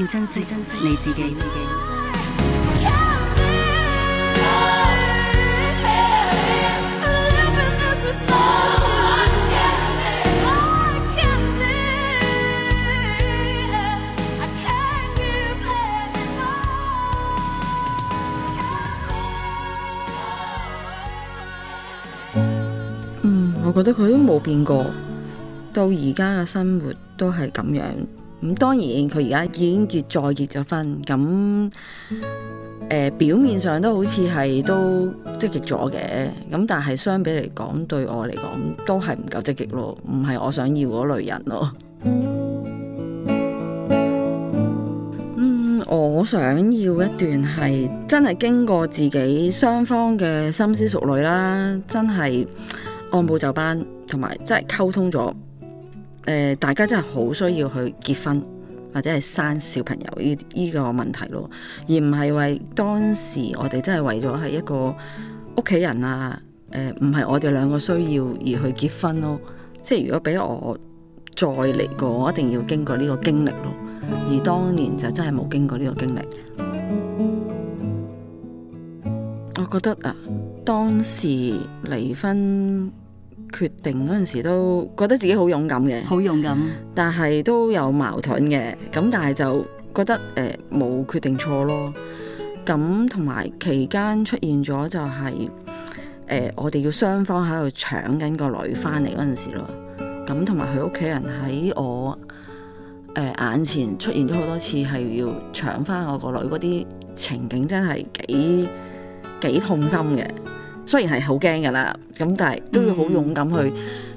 要珍惜，珍惜你自己。嗯，我覺得佢都冇變過，到而家嘅生活都係咁樣。咁當然佢而家已經結再結咗婚，咁誒、呃、表面上都好似係都積極咗嘅，咁但係相比嚟講，對我嚟講都係唔夠積極咯，唔係我想要嗰類人咯。嗯，我想要一段係真係經過自己雙方嘅深思熟慮啦，真係按部就班，同埋真係溝通咗。誒、呃，大家真係好需要去結婚或者係生小朋友呢呢個問題咯，而唔係為當時我哋真係為咗係一個屋企人啊，誒、呃，唔係我哋兩個需要而去結婚咯。即係如果俾我再嚟過，我一定要經過呢個經歷咯。而當年就真係冇經過呢個經歷。我覺得啊，當時離婚。決定嗰陣時都覺得自己好勇敢嘅，好勇敢，但係都有矛盾嘅，咁但係就覺得誒冇、呃、決定錯咯，咁同埋期間出現咗就係、是、誒、呃、我哋要雙方喺度搶緊個女翻嚟嗰陣時咯，咁同埋佢屋企人喺我誒、呃、眼前出現咗好多次係要搶翻我個女嗰啲情景真係幾幾痛心嘅。雖然係好驚㗎喇，咁但係都要好勇敢去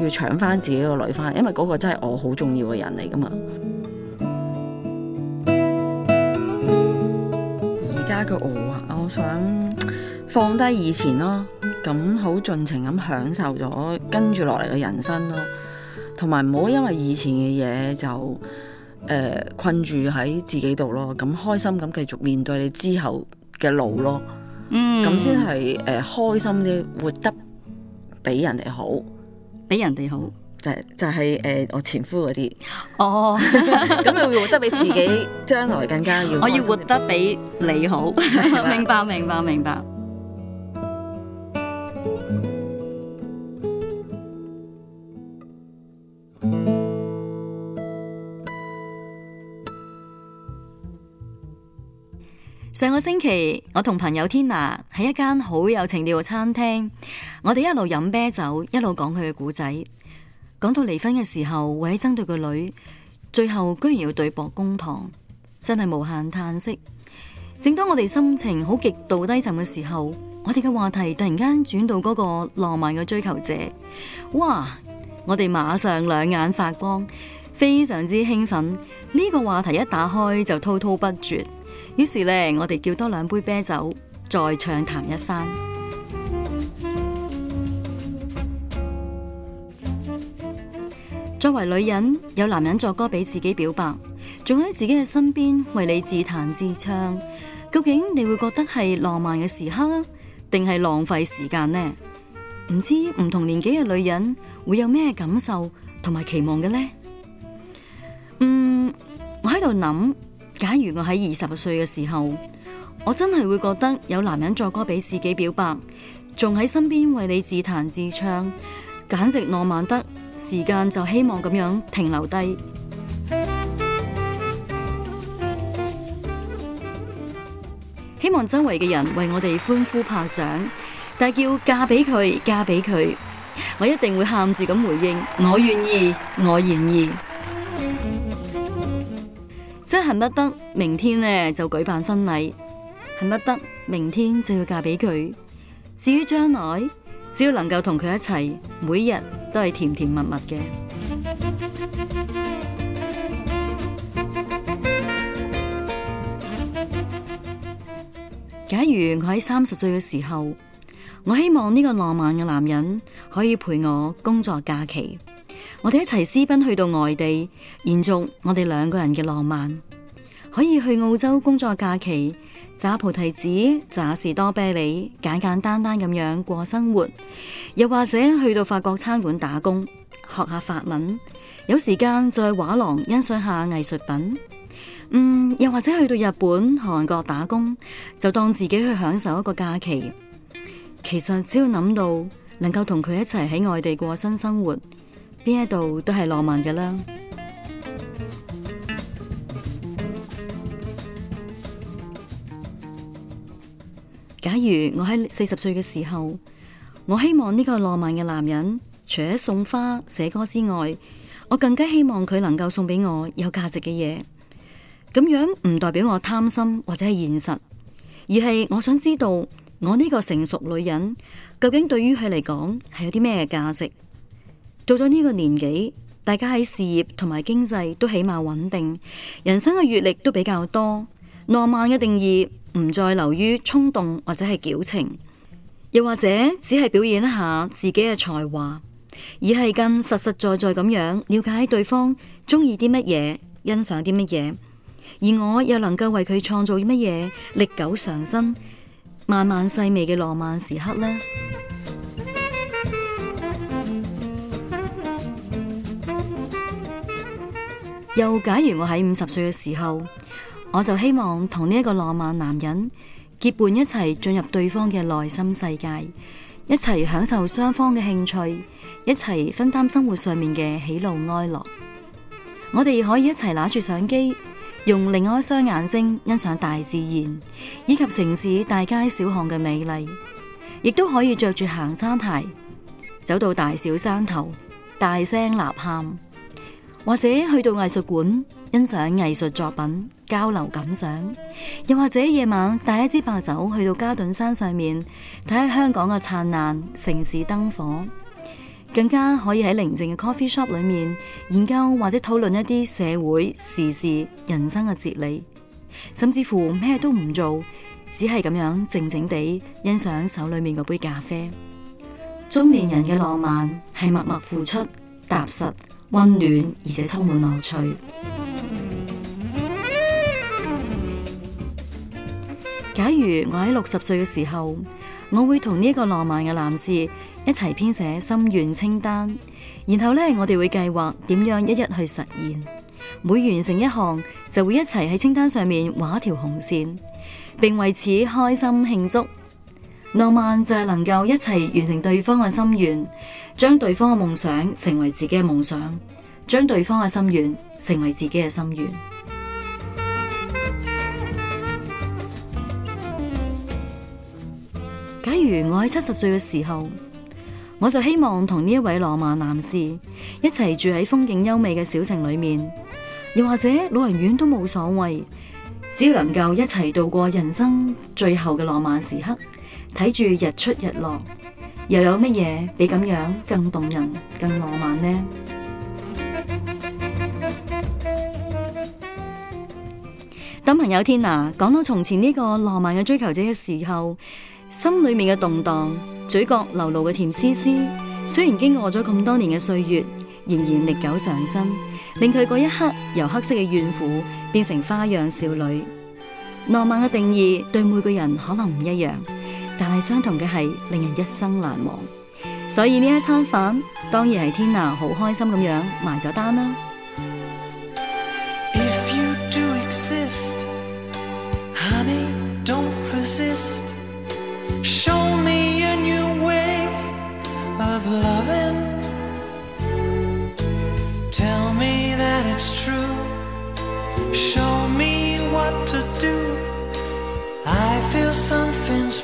要搶返自己個女返，因為嗰個真係我好重要嘅人嚟㗎嘛。而家嘅我啊，我想放低以前咯，咁好盡情咁享受咗跟住落嚟嘅人生咯，同埋唔好因為以前嘅嘢就誒、呃、困住喺自己度咯，咁開心咁繼續面對你之後嘅路咯。咁先係誒開心啲，活得比人哋好，比人哋好，就是、就係、是、誒、呃、我前夫嗰啲。哦，咁你會 活得比自己 將來更加要。我要活得比你好，明白明白明白。明白明白。上個星期，我同朋友天娜喺一間好有情調嘅餐廳，我哋一路飲啤酒，一路講佢嘅古仔。講到離婚嘅時候，為咗爭對個女，最後居然要對簿公堂，真係無限嘆息。正當我哋心情好極度低沉嘅時候，我哋嘅話題突然間轉到嗰個浪漫嘅追求者，哇！我哋馬上兩眼發光，非常之興奮。呢個話題一打開就滔滔不絕。於是咧，我哋叫多兩杯啤酒，再暢談一番。作為女人，有男人作歌俾自己表白，仲喺自己嘅身邊為你自彈自唱，究竟你會覺得係浪漫嘅時刻，定係浪費時間呢？唔知唔同年紀嘅女人會有咩感受同埋期望嘅呢？嗯，我喺度諗。假如我喺二十歲嘅時候，我真係會覺得有男人作歌俾自己表白，仲喺身邊為你自彈自唱，簡直浪漫得，時間就希望咁樣停留低。希望周圍嘅人為我哋歡呼拍掌，但係叫嫁俾佢，嫁俾佢，我一定會喊住咁回應：我願意，我願意。真係恨不得，明天咧，就舉辦婚禮，恨不得，明天就要嫁俾佢。至於將來，只要能夠同佢一齊，每日都係甜甜蜜蜜嘅。假如我喺三十歲嘅時候，我希望呢個浪漫嘅男人可以陪我工作假期。我哋一齊私奔去到外地，延續我哋兩個人嘅浪漫。可以去澳洲工作假期，摘菩提子，摘士多啤梨，簡簡單單咁樣過生活。又或者去到法國餐館打工，學下法文。有時間就去畫廊欣賞下藝術品。嗯，又或者去到日本、韓國打工，就當自己去享受一個假期。其實只要諗到能夠同佢一齊喺外地過新生活。邊一度都係浪漫嘅啦！假如我喺四十歲嘅時候，我希望呢個浪漫嘅男人，除咗送花、寫歌之外，我更加希望佢能夠送俾我有價值嘅嘢。咁樣唔代表我貪心或者係現實，而係我想知道我呢個成熟女人，究竟對於佢嚟講係有啲咩價值？到咗呢個年紀，大家喺事業同埋經濟都起碼穩定，人生嘅閱歷都比較多。浪漫嘅定義唔再流於衝動或者係矯情，又或者只係表演一下自己嘅才華，而係更實實在在咁樣了解對方中意啲乜嘢，欣賞啲乜嘢，而我又能夠為佢創造乜嘢歷久常新、慢慢細微嘅浪漫時刻呢？又假如我喺五十歲嘅時候，我就希望同呢一個浪漫男人結伴一齊進入對方嘅內心世界，一齊享受雙方嘅興趣，一齊分擔生活上面嘅喜怒哀樂。我哋可以一齊攞住相機，用另外一雙眼睛欣賞大自然以及城市大街小巷嘅美麗，亦都可以着住行山鞋，走到大小山頭，大聲吶喊。或者去到藝術館欣賞藝術作品、交流感想，又或者夜晚帶一支白酒去到嘉頓山上面睇下香港嘅燦爛城市燈火，更加可以喺寧靜嘅 coffee shop 裏面研究或者討論一啲社會時事、人生嘅哲理，甚至乎咩都唔做，只係咁樣靜靜地欣賞手裏面嗰杯咖啡。中年人嘅浪漫係默默付出、踏實，溫暖而且充滿樂趣。假如我喺六十歲嘅時候，我會同呢個浪漫嘅男士一齊編寫心願清單，然後呢，我哋會計劃點樣一一去實現。每完成一項，就會一齊喺清單上面畫一條紅線，並為此開心慶祝。浪漫就係能夠一齊完成對方嘅心願，將對方嘅夢想成為自己嘅夢想，將對方嘅心願成為自己嘅心願。假如我喺七十歲嘅時候，我就希望同呢一位浪漫男士一齊住喺風景優美嘅小城裏面，又或者老人院都冇所謂，只要能夠一齊度過人生最後嘅浪漫時刻。睇住日出日落，又有乜嘢比咁樣更動人、更浪漫呢？等朋友天娜，講到從前呢個浪漫嘅追求者嘅時候，心裏面嘅動盪，嘴角流露嘅甜絲絲，雖然經過咗咁多年嘅歲月，仍然歷久常新，令佢嗰一刻由黑色嘅怨婦變成花樣少女。浪漫嘅定義對每個人可能唔一樣。但係相同嘅係，令人一生難忘。所以呢一餐飯，當然係天娜，好開心咁樣埋咗單啦。